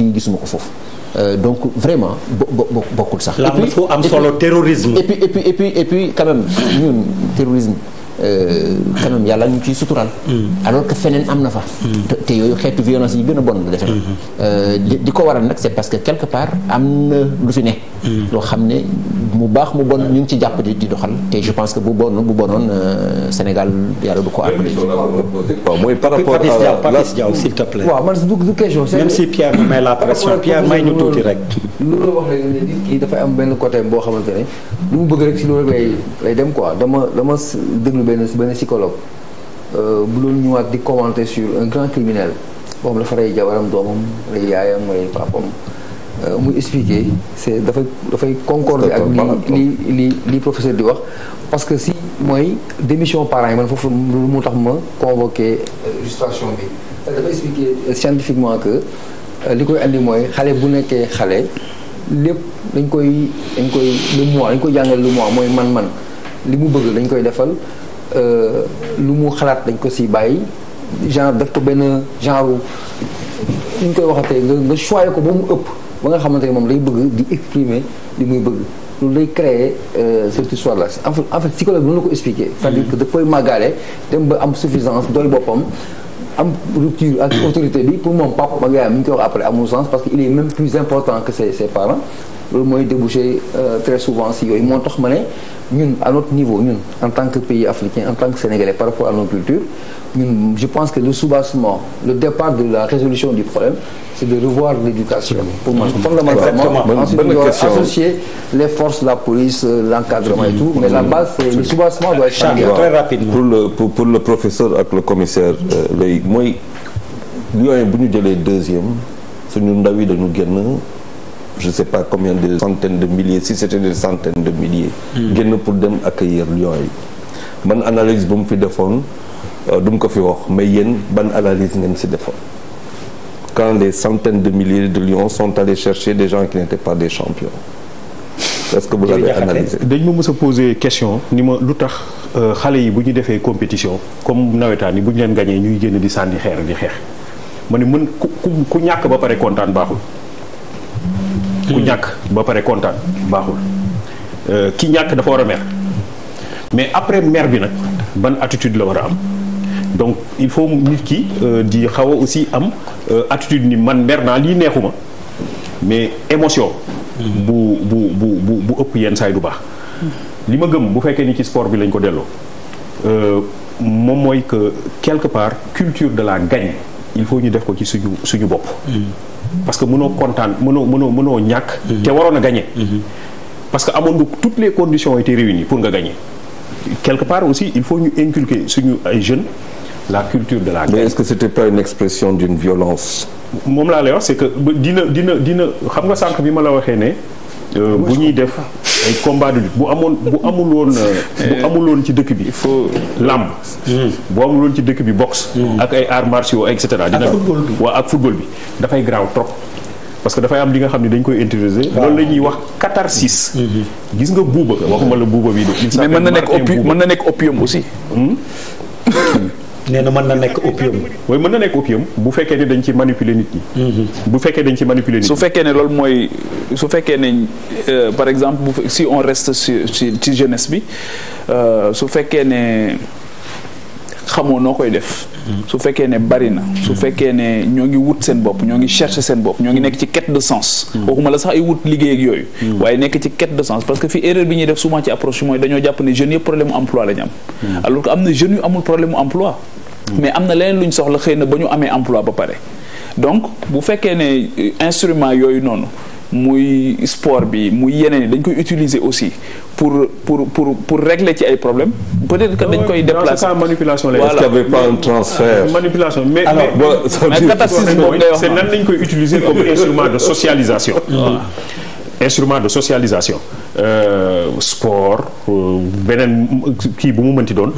fii gisuma ko foofu euh, donc vraiment bo bokkul sax. et puis am solo terrorisme. et puis et puis et puis et puis quand même ñun terrorisme. quand euh, même yàlla ñu ciy sutural mm. alors que feneen am na fa mm. te yooyu xeetu violence yi gën a bon la defe na mm-hmm. euh, di ko waral nag c'est parce que quelque part am na lu fi ne mm. loo xam ne mu baax mu bon ñu ngi ci jàpp di doxal te je pense que bu bonoon bu bonoon euh, Sénégal yàlla du ko appelé waaw mooy par rapport à Papis Diaw s'il te plaît waaw man du question même am benn côté boo xamante ne lu mu bëgg rek si loolu lay lay dem quoi dama dama déglu benn benn psychologue euh, bu doon ñëwaat di commenter sur un grand criminel boo xam dafa rey jabaram doomam rey yaayam rey papam euh, muy expliquer c'est dafay dafay concorde ak li li li professeur di wax parce que si mooy démission parents yi man foofu lu mu tax ma convoqué illustration euh, bi dafa expliquer scientifiquement que li koy indi mooy xale bu nekkee xale lépp dañ koy dañ koy lu mu dañ koy jàngal lu mu man-man li mu bëgg dañ koy defal Euh, lu mu xalaat dañ ko si bàyyi genre daf ko benn genre ñu koy waxatee nga nga choyé ko ba mu ëpp ba nga xamante ne moom day bëgg di exprimer li muy bëgg loolu lay créer euh, cette histoire là en fait en fait psychologue noonu la ko expliquer c'est-à-dire que daf koy màggaale dem ba am suffisance dool boppam am rupture ak autorité bi pour moom papa ma yaayam mi ñu koy après amul sens parce que il est même plus important que ses ses loolu mooy débouché euh, très souvent si yooyu moo tax ma ne ñun à notre niveau en tant que pays africain en tant que sénégalais par rapport à nos cultures ñun je pense que le soubassement le départ de la résolution du problème c'est de revoir l'éducation pour moi fondamentalement ensuite on doit associer les forces la police euh, l'encadrement et tout mais la base c'est le soubassement doit être changé très le pour, pour le professeur ak le commissaire euh, léegi mooy yooyu bu ñu jëlee deuxième suñu ndaw yi dañu génn je sais pas combien de centaines de milliers si c'était des centaines de milliers hmm. génn pour dem accueillir lions yi man analyse bu mu fi defoon euh, du mu ko fi wax mais yéen ban analyse ngeen si defoon quand les centaines de milliers de lions sont allés chercher de gens qui n'étaient pas des champions est-ce que vous l'avez analysé dañ ma mës a question ni ma lu tax euh, xale yi bu ñu defee compétition comme nawetaan yi bu ñu leen gañee ñuy génn di sànni xeer di xeex ma ne mën ku ku ñàkk ba pare kontaan baaxul ku ñàkk ba pare kontaan baaxul euh, ki ñàkk dafa war a mer mais après mer bi nag ban attitude la war a am donc il faut mu nit ki euh, di xaw a aussi am euh, attitude ni man mer naa lii neexuma mais émotion bu bu bu ëpp yenn saay du baax li ma gëm bu fekkee ni ci sport bi lañ ko delloo moom mooy que quelque part culture de la gagne il faut ñu def ko ci suñu suñu bopp hmm. parce que mënoo kontaan mënoo mënoo mënoo ñàkk. Mhm. te waroon a gagné. Mhm. parce que amoon nga toutes les conditions étaient réunies pour nga gagné. quelque part aussi il faut ñu inculquer suñu ay jeunes la culture de la guerre. mais est-ce que c'était pas une expression d'une violence. moom laa lay wax c'est que dina dina dina xam nga sànq bi ma la waxee ne. Euh, bu ñuy def ay combat de bu amoon bu amuloon euh, bu euh, amuloon ci dëkk bi. il faut làmb. Hmm. bu amuloon ci dëkk bi boxe. Hmm. ak ay arts martiaux et cetera. dina waa ak football bi dafay graaw trop. parce que dafay am li nga xam ne dañ koy intérioriser. loolu la ñuy wax catharsis. Hmm. gis nga buuba waxuma la buuba bi de. mais mën na nekk opium mën na nekk opium aussi. nee na mën na nekk opium. mooy mën na nekk opium bu fekkee ne dañ ci manipuler nit ñi. Mhm. bu fekkee dañ ci manipuler nit ñi. su fekkee ne loolu mooy su fekkee ne euh, par exemple bu si on reste sur ci jeunesse bi euh, su fekkee ne xamoo noo koy def. su fekkee ne bari na. su fekkee ne ñoo ngi wut seen bopp ñoo ngi chercher seen bopp ñoo ngi nekk ci quête de sens. Mhm. waxuma la sax ay wut liggéey yooyu. Mhm. waaye nekk ci quête de sens parce que fi erreur bi ñuy def souvent ci approche mooy dañoo jàpp ne jeunes mais am na leneen lu ñu soxla xëy na ba ñu amee emploi ba pare donc bu fekkee ne euh, instrument yooyu noonu muy sport bi muy yeneen dañ koy utiliser aussi pour pour pour pour régler ci ay problèmes peut-être que dañ koy déplacer manipulation la voilà. est-ce qu'il n'y avait pas un transfert ah, manipulation mais alors bon, c'est nan lañ koy utiliser comme instrument de socialisation voilà. instrument de socialisation euh, sport euh, beneen kii bu mu mënti doon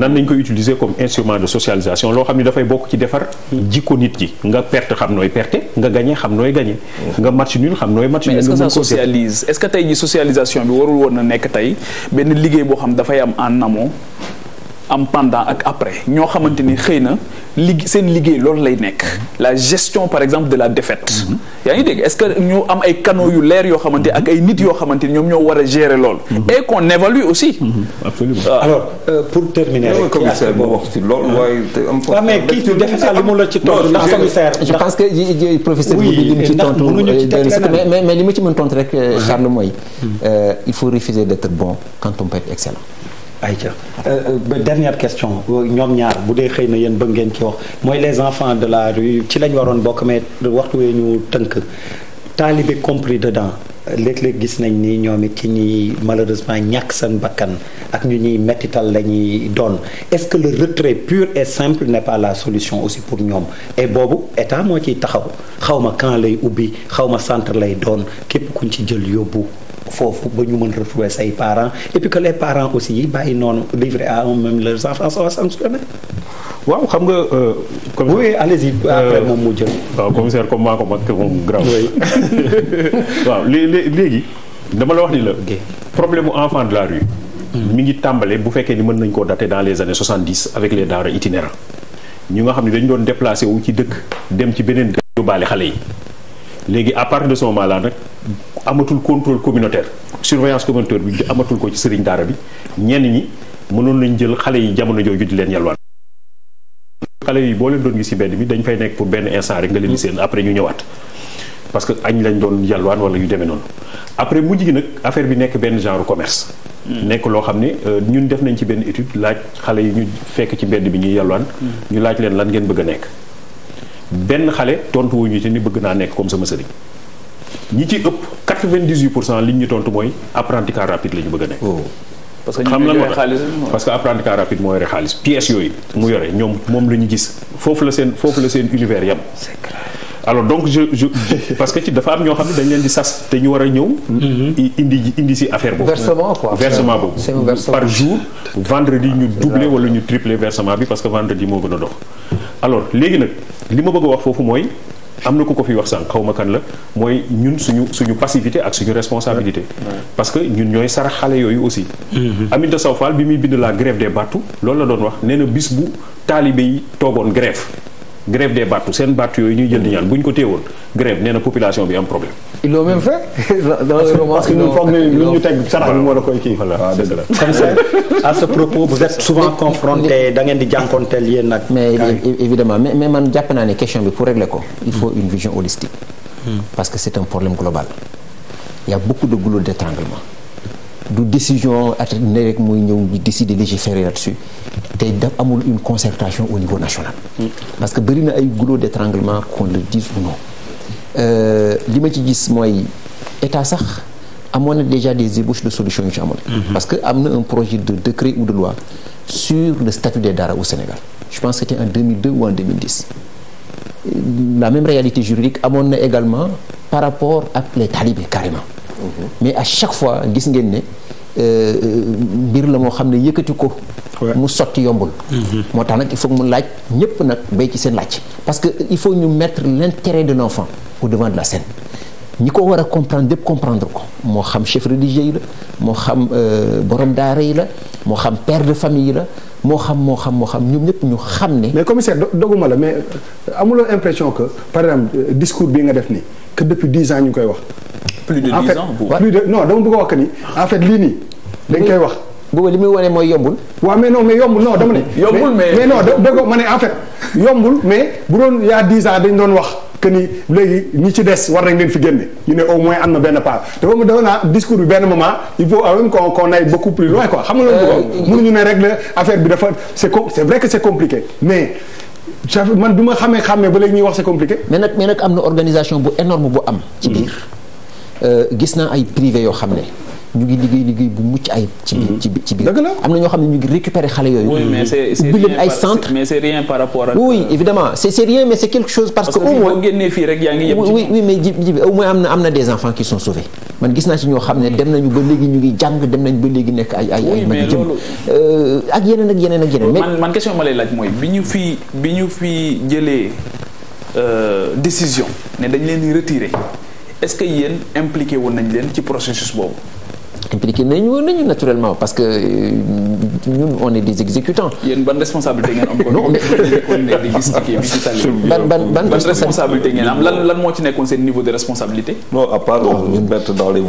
nan nañ koy utiliser comme instrument de socialisation loo xam ne dafay bokk ci defar jikko nit ji nga perte xam nooy perte nga gagné xam nooy gagné nga match nul xam nooy match nul mais est-ce que est-ce que tey ji socialisation bi warul woon a nekk tey benn liggéey boo xam dafay am en amont am pendant ak après ñoo xamante ni xëy na lig seen liggéey loolu lay nekk la gestion par exemple de la défaite mm-hmm. yaa ngi dégg est-ce que ñu ay canaux yu leer yoo xamante ak ay nit yoo xamante ni ñoom ñoo war a gérer loolu mm-hmm. et qu'on évalue aussi mm-hmm. absolument ah. alors euh, pour terminer boo wax ci loolu waaye ah, mais kii que professeur bi li mu ci tontu mais mais li ma ci mën rek euh, Charles mooy mm. euh, il faut refuser d'être bon quand on peut être excellent ay ayca euh, euh, dernière question ñoom ñaar bu dee xëy na yéen bëgg ngeen ci wax mooy les enfants de la rue ci lañ waroon bokk mais waxtu wee ñu tënk taalibe compris de léeg-léeg gis nañ ni ñoom it ci ñi malheureusement ñàkk seen bakkan ak ñu ñuy mettital la ñuy doon est-ce que le retrait pur et simple n'est la solution aussi pour ñoom et boobu état moo ciy taxaw xaw ma camp lay ubbi xaw ma centre lay doon képp kuñ ci jël yóbbu jàpp foofu ba ñu mën retrouver say parents et puis que les parents aussi yi bàyyi noonu livrer à eux-mêmes leurs enfants à sanctionner waaw xam nga. Euh, commissaire oui euh, moom mu jël. waaw commissaire comme maa ko mag te moom grave. waaw léegi dama la wax ni la. problème mu enfant de la rue. Hmm. mi ngi tàmbale bu fekkee ni mën nañ koo date dans les années 70 avec les daara itinérants ñu nga xam ne dañu doon déplacé wu ci dëkk dem ci beneen dëkk yóbbaale xale yi léegi à partir de ce moment amatul contrôle communautaire surveillance communautaire bi amatul ko ci sëriñ daara bi ñenn ñi mënoon ñu jël xale yi jamono jooju di leen yalwaan xale yi boo doon gis ci mbedd bi dañ fay nekk pour benn instant rek nga leen di seen après ñu ñëwaat parce que añ lañ doon yalwaan wala yu demee noonu après mujj gi nag affaire bi nekk benn genre commerce. nekk loo xam ne euh, ñun def nañ ci benn étude laaj xale yi ñu fekk ci mbedd bi ñuy yalwaan. Mm. ñu laaj leen lan ngeen bëgg a nekk. benn xale tontu woo ñu ci ni bëgg naa nekk comme sama sëriñ. ñi ci ëpp 98 pour cent li ñu tontu mooy apprenti car rapide la ñu bëgg a nekk. Oh. parce que xam lan moo tax que apprenti car rapide moo yore xaalis pièces yooyu mu yore ñoom moom la ñu gis foofu la seen foofu la seen univers yam. alors donc je parce que ci dafa am ñoo xam ne dañ leen di sas te ñu war a ñëw. Mm-hmm. indi indi si affaire boobu. versement quoi versement boobu. par jour. vendredi ñu doubler wala ñu tripler versement bi parce que vendredi moo gën a dox. alors léegi nag li ma bëgg a wax foofu mooy. am na ku ko fi wax sànq xaw ma kan la mooy ñun suñu suñu passivité ak suñu responsabilité. parce que ñun ñooy sarax xale yooyu aussi. Mm-hmm. Aminata Sow Fall bi muy bind la grève des battu loolu la doon wax nee na bis bu taalibe yi toogoon grève grève des battu seen battu yooyu ñuy jël di ñaan bu ñu ko téewoon grève nee na population bi am problème. ils l'ont même fait. dans le sarax bi moo la koy kii. voilà c'est ça comme ça da ngeen di jànkonteel yéen nag. mais évidemment mais mais man jàpp naa ne question bi pour régler ko. il faut une vision holistique. Hmm. parce que c'est un problème global. il y a beaucoup de goulot d'étranglement. du décision at ne rek muy ñëw ñu décider légiférer là-dessus te da amul une concertation au niveau national. Hmm. parce que bëri na ay goulot d'étranglement qu'on le ou non. Euh, li ma ci gis mooy état sax amoon na déjà des ébauches de solutions yu ci amoon. Mhm. parce que am na un projet de décret ou de loi sur le statut des daara au Sénégal je pense que c'était en 2002 ou en 2010 euh, la même réalité juridique amoon na également par rapport ak les talibés carrément. Mhm. mais a chaque fois gis ngeen ne. Euh, euh, mbir la moo xam ne yëkkati ko. mu sotti yombul. Mhm. moo tax nag il foog mu laaj ñëpp nag béy ci seen laaj. parce que il faut ñu mettre l'intérêt de l'enfant au devant de la scène ñi ko war a comprendre dépp comprendre ko moo xam chef religieux yi la moo xam euh, borom daara yi la moo xam pere de famille yi la. moo xam moo xam moo xam ñoom ñëpp ñu xam ne. mais commissaire doguma la mais amuloo impression que par exemple euh, discours bii nga def nii que depuis dix ans ñu ngi koy wax. plus de dix ans en de non dama bëgg a wax que ni fait lii nii dañ koy wax. booba li muy wane mooy yombul. waaw mais non mais yombul non dama ne. yombul mais mais non dëgg ma ne en fait yombul mais bu doon y a dix ans dañ doon wax. que ni léegi ñi ci des war nañ leen fi génne ñu ne au moins am na benn part dafa mu defe naa discours bi benn moment il faut même qu'on qu'on aille beaucoup plus loin quoi xam nga loolu bëggoon euh, mënuñu ne rek la affaire bi dafa c'est c'est vrai compliqué mais man bi ma xamee xam xamee ba léegi ñuy wax c'est compliqué mais nag mais nag am na organisation bu énorme bu am ci biir euh, gis naa ay privé yoo xam ne ñu ngi liggéey liggéey bu mucc ayib. ci biir ci biir ci biir. am na ñoo xam ne ñu ngi récupérer xale yooyu. oui mais c'est c'est rien par ay centre mais c'est rien par rapport que. au moins parce que boo génnee fii rek yaa ngi yem. oui am na am na des enfants qui sont sauvés man gis naa ci ñoo xam ne dem nañu ba léegi ñu ngi jàng dem nañu ba léegi nekk ay ay ay. ma ngi jëm euh, ak yeneen ak yeneen ak yeneen. man man question ma lay laaj mooy bi ñu fi bi ñu fi jëlee euh, décision ne dañ leen di retirer est-ce que yéen impliqué woon nañ leen ci processus boobu impliqué nañu nañu naturellement parce que ñun euh, on est des exécutants. yéen ban responsabilité ngeen am. lan moo ci nekkoon seen niveau de responsabilité. non à part ñu bett dans les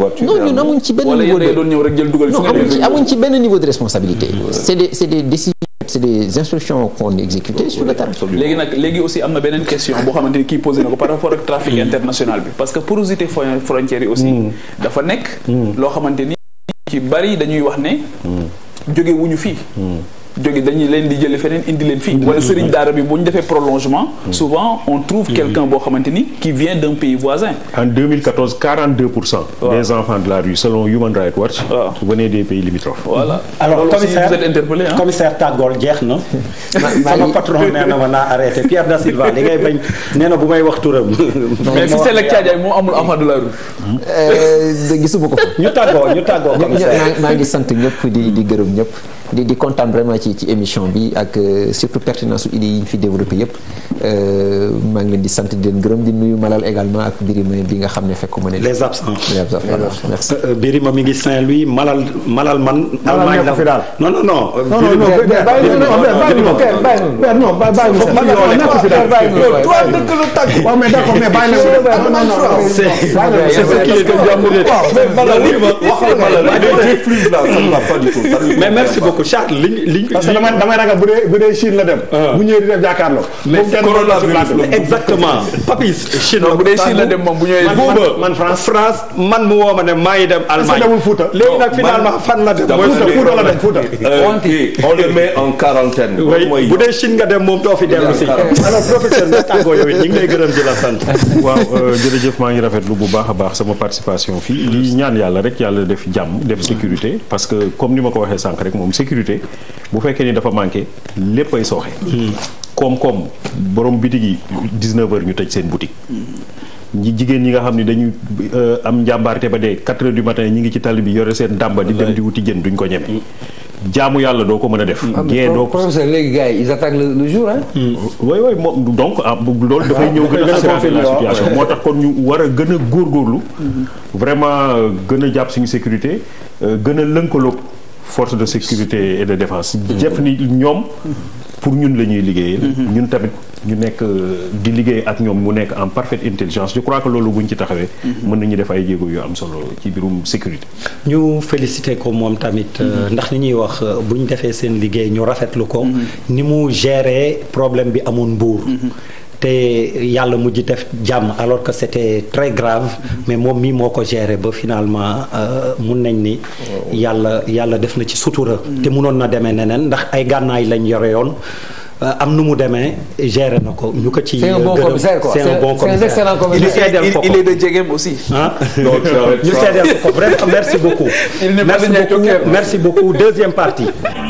ci benn niveau de responsabilité. c'est des décisions. c'est des instructions qu'on exécutait oui, sur le léegi nag léegi aussi am na beneen question boo xamante ni kii posé na ko par rapport ak trafic mm. international bi parce que porosité frontière yi aussi mm. dafa nekk mm. loo xamante ni ci bari dañuy wax ne. Hmm. jóge wuñu fii. Hmm. jóge dañuy leen di jële feneen indi leen fii wala sëriñ daara bi bu ñu defee prolongement hmm. souvent on trouve hmm. quelqu'un boo xamante ni qui vient d'un pays voisin en des enfants de la rue selon Human Rights Watch venaient des pays limitrophes voilà alors commissaire tàggool jeex na sama patron na ma naa arrêté Pierre Da Silva li ngay bañ nee bu may wax turam mais fi Selek Caajaay moom amul enfant de la rue euh, gisuma ko ñu tàggoo ñu tàggoo di di kontaan vraiment ci ci émission bi ak surtout pertinence su idées yi ñu fi développé yëpp maa ngi leen di sant di leen gërëm di nuyu Malal également ak Birima bi nga xam ne fekk ma ne. les absents les absents voilà merci. Birima mi ngi Saint-Louis Malal Malal man. Allemagne la fi daal non non non. non non non bàyyi non non bàyyi non non non non non non donc chaque liñ liñ. la dem. Ah. bu ñëwee di def jàkkaarloo. mais coronavirus la exactement. papis Chine la bu dee Chine la dem moom bu ñëwee. man France man woo ma ne maa ngi dem Allemagne. demul Fouta léegi nag fan la dem. mooy Fouta la dem Fouta. Euh, on le met en quarantaine. bu dee Chine nga dem moom doo fi dellu si. alors professeur ñu ngi lay gërëm di la sant. waaw euh, jërëjëf maa ngi rafetlu bu baax a baax sama participation fii li ñaan yàlla rek yàlla def jàmm def sécurité parce que comme ni ma ko waxee sànq rek moom sécurité bu fekkee ni dafa manqué léppay sooxe. koom-koom boroom bitig yi 19h ñu tëj seen boutique. ñi jigéen ñi nga xam ne dañu euh, am njàmbaarte ba dee 4 heures du matin ñi ngi ci tali bi yore seen dàmba di dem di wuti jën duñ ko ñeme. jaamu yàlla doo ko mën a def. gée doo ko professeur léegi gars yi ils attaquent le jour ah. oui oui moom donc ah, loolu dafay ñëw gën a aggraver ah, la ah, situation moo tax kon ñu war a gën a góorgóorlu. Mm-hmm. vraiment euh, gën a jàpp suñu sécurité euh, gën a lënkaloog. force de sécurité et de défense. jëf ni ñoom pour ñun la ñuy liggéeyee. ñun tamit ñu nekk di liggéey ak ñoom mu nekk en parfait intelligence je crois que loolu buñ ci taxawee. mën nañu def ay jéego yu am solo ci biirum sécurité. ñu félicité ko moom tamit. Euh, ndax ni ñuy wax euh, bu ñu defee seen liggéey ñu rafetlu ko. Mhm. ni mu gérer problème bi amoon mbuur mhm. te yàlla mujj def jàmm alors que c'était très grave mais moom mii moo ko géré ba finalement euh, mun nañ ni yàlla yàlla def na ci sutura mm. te munoon na demee neneen ndax ay gànnaay lañ yore yoon euh, am nu mu demee géré na ko ñu ko ci. c'est un bon euh, commissaire quoi c'est un bon commissaire c'est il est aussi. donc ñu seedeel ko ko vraiment merci beaucoup. merci beaucoup deuxième partie.